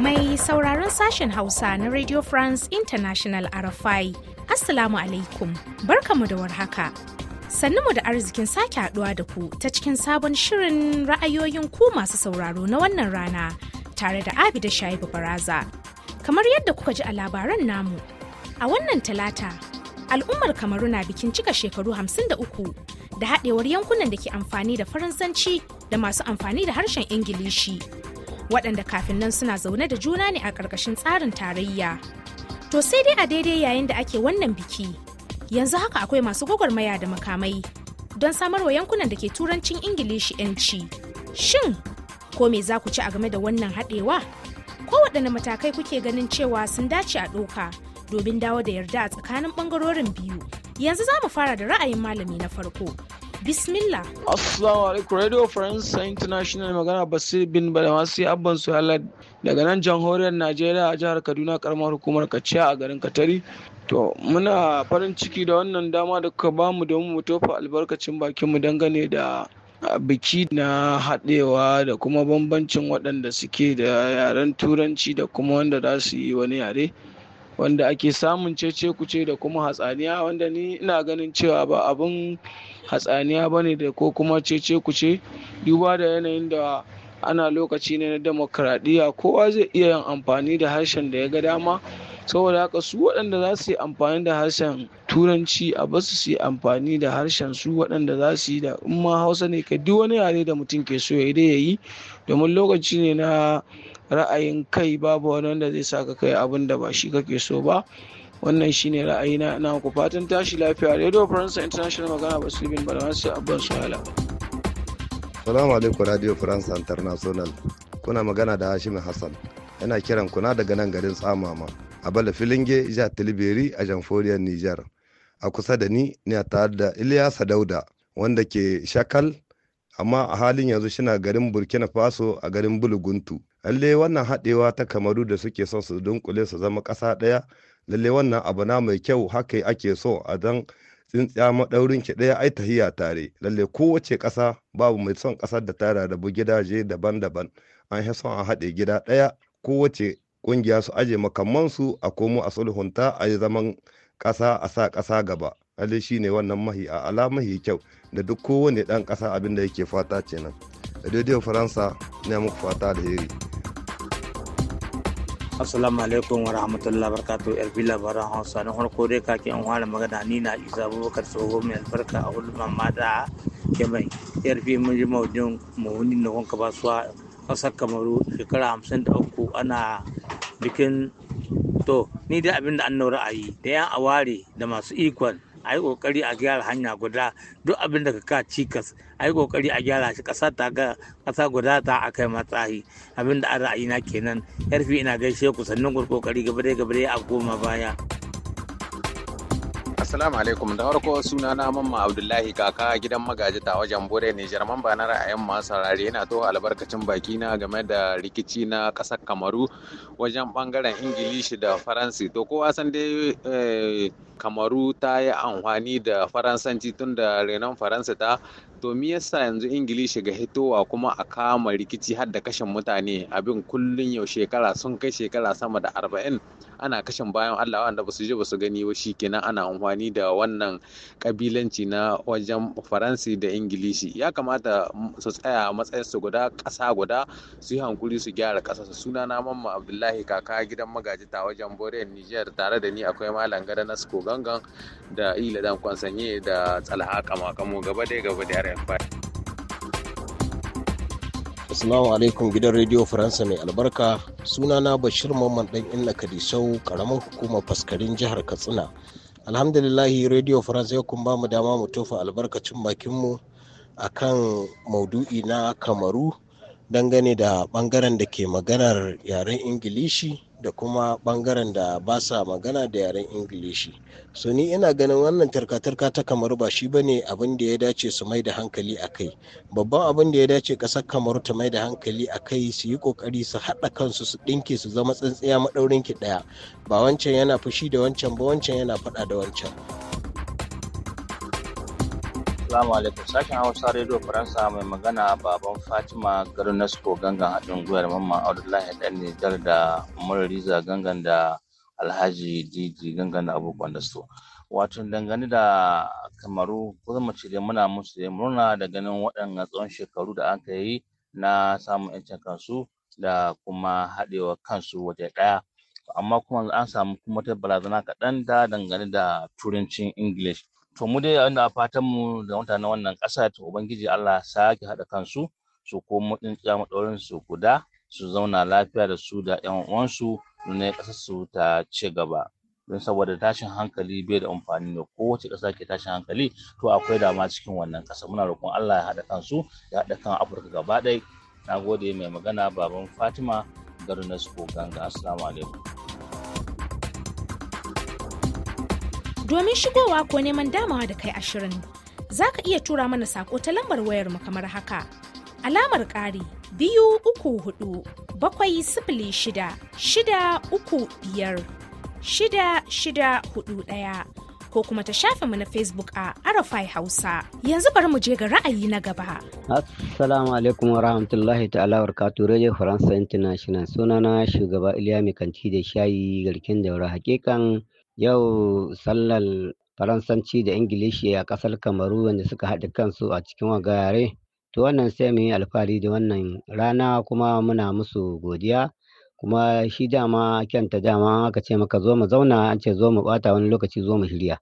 Mai sauraron sashen Hausa na Radio France International RFI, Assalamu alaikum, barkamu da warhaka. Sannu da arzikin sake haɗuwa da ku ta cikin sabon shirin ra'ayoyin ku masu sauraro na wannan rana tare da Abi da Shaibu Baraza. Kamar yadda kuka ji a labaran namu, a wannan talata al'ummar kamaru na bikin cika shekaru 53 da haɗewar yankunan da ke amfani da faransanci da masu amfani da harshen ingilishi waɗanda kafin nan suna zaune da juna ne a ƙarƙashin tsarin tarayya to sai dai a daidai yayin da ake wannan biki yanzu haka akwai masu gwagwarmaya da makamai don samar wa yankunan da ke turancin ingilishi 'yanci shin ko me za ku ci a game da wannan haɗewa ko waɗanne matakai kuke ganin cewa sun dace a ɗoka domin dawo da yarda a tsakanin ɓangarorin biyu yanzu za mu fara da ra'ayin malami na farko Bismillah. Assalamu alaikum Radio France International magana Basir bin balawasi Abban suhala daga nan jamhuriyar Najeriya a jihar Kaduna karamar hukumar Kaciya a garin Katari. To muna farin ciki da wannan dama da kuka bamu domin mu tofa albarkacin bakin mu dangane da biki na haɗewa da kuma bambancin waɗanda suke da yaren turanci da kuma wanda za su yi wani yare wanda ake samun cece kuce da kuma hatsaniya wanda ni ina ganin cewa ba abin hatsaniya ba ne da ko kuma cece kuce duba da yanayin da ana lokaci ne na demokradiyya kowa zai iya yin amfani da harshen da ya ga dama saboda haka su waɗanda za su yi amfani da harshen turanci a ba su yi amfani da harshen su waɗanda za su yi da in ma hausa ne ka duk wani yare da mutum ke so ya dai ya yi domin lokaci ne na ra'ayin kai babu wani wanda zai saka kai abin da ba shi kake so ba wannan shine ra'ayi na ku fatan tashi lafiya radio faransa international magana su bin sai abban suhala salamu alaikum radio france international kuna magana da hashim hassan yana kiran kuna daga nan garin tsamama a bala filinge ja tilibiri a jamforiya niger a kusa da ni ne tare da iliyasa dauda wanda ke shakal amma a halin yanzu shina garin burkina faso a garin buluguntu lalle wannan haɗewa ta kamaru da suke son su dunkule su zama ƙasa ɗaya lalle wannan abu na mai kyau haka ake so a dan tsintsiya maɗaurin ki ɗaya ai tahiya tare lalle kowace ƙasa babu mai son ƙasar da tara rabu gidaje daban-daban an yi son a haɗe gida ɗaya kowace ƙungiya su aje makamansu a komo a sulhunta a yi zaman ƙasa a sa ƙasa gaba shi shine wannan mahi a ala mahi kyau da duk kowane dan kasa abin da yake fata kenan radio faransa ne muku fata da heri assalamu alaikum wa rahmatullahi barkatu yar bi labaran hausa na farko dai kake an fara magana ni na isa abubakar tsoho mai albarka a hulman mata ke mai yar bi mun ji maudin mawuni na wanka ba suwa kasar kamaru shekara hamsin da uku ana bikin to ni dai abin da an ra'ayi da yan aware da masu ikon a yi kokari a gyara hanya guda duk abin da ka cikas a yi kokari a gyara shi ƙasa ta ga kasa guda ta a kai matsayi abin da an na kenan yarfi ina gaishe ku sannan kokari gaba dai gaba dai a goma baya. Assalamu alaikum da farko suna na mamma Abdullahi kaka gidan magaji ta wajen bore Nijar man ba na ra'ayin masu sarari yana to albarkacin baki na game da rikici na kasar Kamaru wajen bangaren Ingilishi da Faransi to kowa san dai eh, Kamaru ta yi amfani da Faransanci tun da renon Faransa ta to me yasa yanzu ingilishi ga hitowa kuma a kama rikici har da kashin mutane abin kullun yau shekara sun kai shekara sama da arba'in ana kashin bayan allah wanda ba su je ba su gani ba kenan ana amfani da wannan kabilanci na wajen faransi da ingilishi ya kamata su tsaya a matsayin su guda ƙasa guda su yi hankuri su gyara ƙasa su suna na mamma abdullahi kaka gidan magaji ta wajen borel niger tare da ni akwai malam gada nasko gangan da ila dan kwansanye da tsalha kama kamo gaba dai gaba da goyon alaikum gidan rediyo Faransa mai albarka sunana Bashir Mamman dan Inna Kadisau karamin hukumar faskarin jihar Katsina. Alhamdulillahi rediyo Faransa ya kun mu dama mu tofa albarkacin bakinmu a kan maudu'i na Kamaru dangane da ɓangaren da ke maganar yaren Ingilishi da kuma bangaren da ba sa magana da yaren ingilishi so ni ina ganin wannan tarka-tarka ta kamar ba shi bane abin da ya dace su mai da hankali a kai babban abin da ya dace ƙasar kamar ta mai da hankali a kai su yi ƙoƙari su haɗa kansu su ɗinke su zama tsintsiya maɗaurinki ɗaya ba wancan yana fushi da wancan ba wancan yana faɗa da wancan Assalamu alaikum sashen Hausa Radio Faransa mai magana baban Fatima Garnasko gangan haɗin gwiwar mamman Abdullahi ɗan Nijar da Murariza gangan da Alhaji Didi gangan da abokan da su. Wato dangane da kamaru ko zama ce muna musu da murna da ganin waɗannan tsawon shekaru da aka yi na samun 'yancin kansu da kuma haɗewa kansu waje ɗaya. Amma kuma an samu kuma ta barazana kaɗan da dangane da turancin English. to mu dai inda fatan mu da mutanen wannan ƙasa to ubangiji Allah sake haɗa kansu su komo din tsama ɗaurin su guda su zauna lafiya da su da ƴan uwansu ne ƙasar su ta ci gaba don saboda tashin hankali bai da amfani ko kowace ƙasa ke tashin hankali to akwai dama cikin wannan ƙasa muna roƙon Allah ya haɗa kansu ya haɗa kan Afirka gaba ɗaya na gode mai magana baban Fatima garin Nasko Ganga assalamu alaikum domin shigowa ko neman damawa da kai ashirin za ka iya tura mana sako ta lambar mu kamar haka alamar ƙari biyu uku hudu bakwai sifili shida shida uku biyar shida shida hudu ɗaya ko kuma ta shafe mu na Facebook a Arafai Hausa. Yanzu bari mu je ga ra'ayi na gaba. Assalamu alaikum wa rahmatullahi ta'ala wa katu Radio France International sunana shugaba Iliya Kanti da shayi garkin daura hakikan Yau sallar Faransanci da Ingilishi a kasar Kamaru wanda suka haɗa kansu a cikin waga yare. To wannan sai mu yi alfahari da wannan rana kuma muna musu godiya. Kuma shi dama kyanta dama aka ce maka zo mu zauna an ce zo mu ɓata wani lokaci zo mu shirya.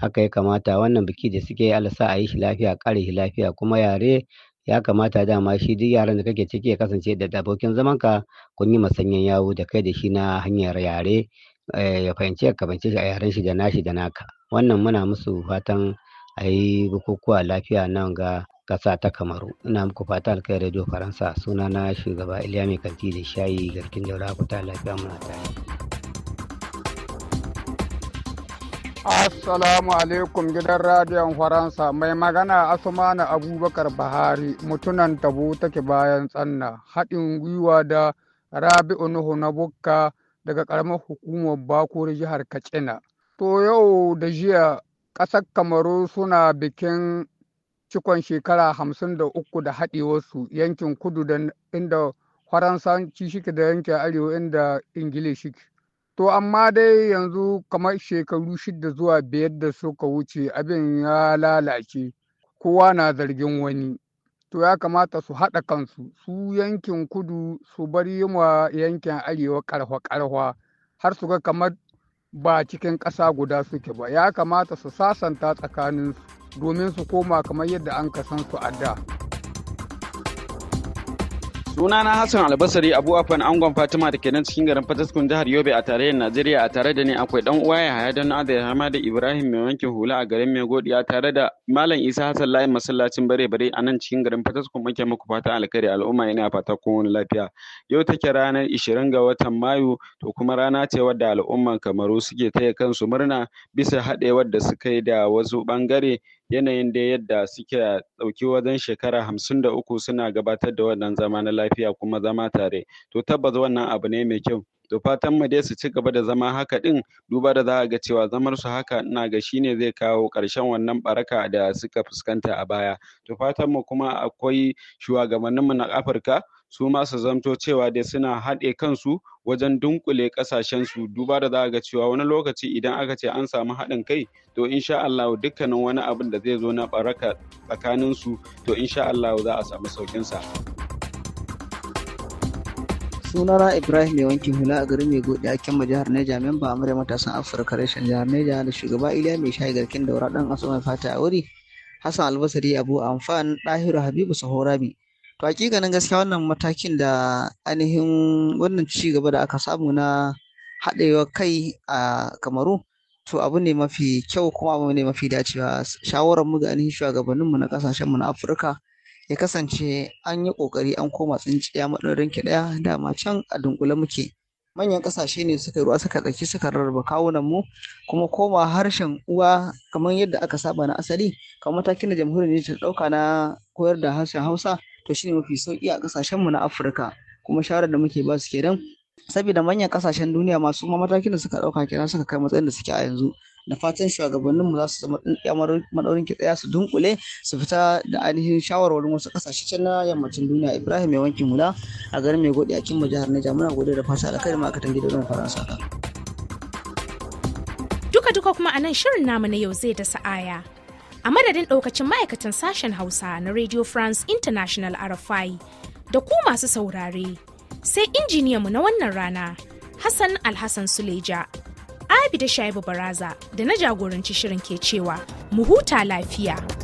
Haka ya kamata wannan biki da suke yi Allah sa a yi shi lafiya kare shi lafiya kuma yare ya kamata dama shi duk yaran da kake ciki ya kasance da abokin zamanka kun yi masanyan yawo da kai da shi na hanyar yare. Eh, ya fahimci ka fahimce shi a yaren shi da nashi da naka wannan muna musu fatan a yi bukukuwa lafiya nan ga kasa ta kamaru ina muku fata alkai radio faransa suna na shugaba iliya mai kanti da shayi garkin daura kuta lafiya muna ta yi. Assalamu alaikum gidan radiyon Faransa mai magana asumana Abubakar Bahari mutunan tabo take bayan tsanna haɗin gwiwa da Rabi'u Nuhu na Bukka daga karamar hukumar da jihar katsina to yau da jiya ƙasar kamaru suna bikin cikon shekara hamsin da uku da haɗewarsu yankin kudu da inda faransanci shike da yankin arewa inda ingila shike to amma dai yanzu kamar shekaru shida zuwa biyar da suka wuce abin ya lalace kowa na zargin wani to ya kamata su haɗa kansu su yankin kudu su yi wa yankin arewa karfa-karfa har su ga kamar ba cikin ƙasa guda suke ba ya kamata su sasanta tsakaninsu domin su koma kamar yadda an kasan su a da. Suna na Hassan Albasari Abu Afan Angon Fatima da ke cikin garin Fataskun jihar Yobe a tarayyar Najeriya a tare da ni akwai dan uwa ya haya don hama da Ibrahim mai wankin hula a garin Mai Godiya tare da Malam Isa Hassan Layin masallacin bare bare a nan cikin garin Fataskun muke muku fata alkhairi al'umma yana fata kowane lafiya. Yau take ranar ishirin ga watan Mayu to kuma rana ce wadda al'umman Kamaru suke taya kansu murna bisa haɗewar da suka yi da wasu ɓangare yanayin dai yadda suke ɗauki wajen shekara hamsin da uku suna gabatar da wannan zama na lafiya kuma zama tare to tabbas wannan abu ne mai kyau to fatan mu dai su ci gaba da zama haka ɗin duba da za a ga cewa zamar su haka ina ga shine zai kawo ƙarshen wannan baraka da suka fuskanta a baya to fatan mu kuma akwai mu na Afirka suma su zamto cewa dai suna haɗe kansu wajen dunƙule su duba da za a ga cewa wani lokaci idan aka ce an samu haɗin kai to insha Allah dukkanin wani abin da zai zo na baraka tsakanin su to insha Allah za a samu saukin saukinsa. sunana ibrahim mai wanki hula a garin mai gode a kyanma jihar neja memba amurya matasan afirka reshen jihar neja da shugaba iliya mai shayi garkin daura dan asuwa mai fata a wuri hassan albasari abu amfan ɗahiru habibu sahorabi To ganin gaskiya wannan matakin da ainihin wannan ci gaba da aka samu na haɗewa kai a Kamaru to abu ne mafi kyau kuma abu ne mafi dacewa shawarar mu ga ainihin shugabanninmu mu na kasashen mu na Afirka ya kasance an yi kokari an koma tsinciya maɗaurin ki ɗaya dama can a dunkule muke manyan kasashe ne suka ruwa suka tsaki suka rarraba kawunan mu kuma koma harshen uwa kamar yadda aka saba na asali kamar matakin da jamhuriyar ta ɗauka na koyar da harshen Hausa to shine mafi sauki a kasashen mu na Afirka kuma shawarar da muke ba su kenan saboda manyan kasashen duniya masu ma matakin da suka dauka kenan suka kai matsayin da suke a yanzu da fatan shugabannin mu za su zama tsintsiya madaurin ki tsaya su dunkule su fita da ainihin shawarwarin wasu kasashe can na yammacin duniya Ibrahim mai wankin mula a garin mai godiya a Kimba jihar Niger muna gode da fasa alkhairi ma aka tangi da Faransa duka duka kuma anan shirin namu na yau zai da sa'aya a madadin ɗaukacin ma'aikatan sashen hausa na radio france international rfi da ku masu saurare sai mu na wannan rana hassan alhassan suleja abi da shaibu baraza da na jagoranci shirin ke cewa mu huta lafiya.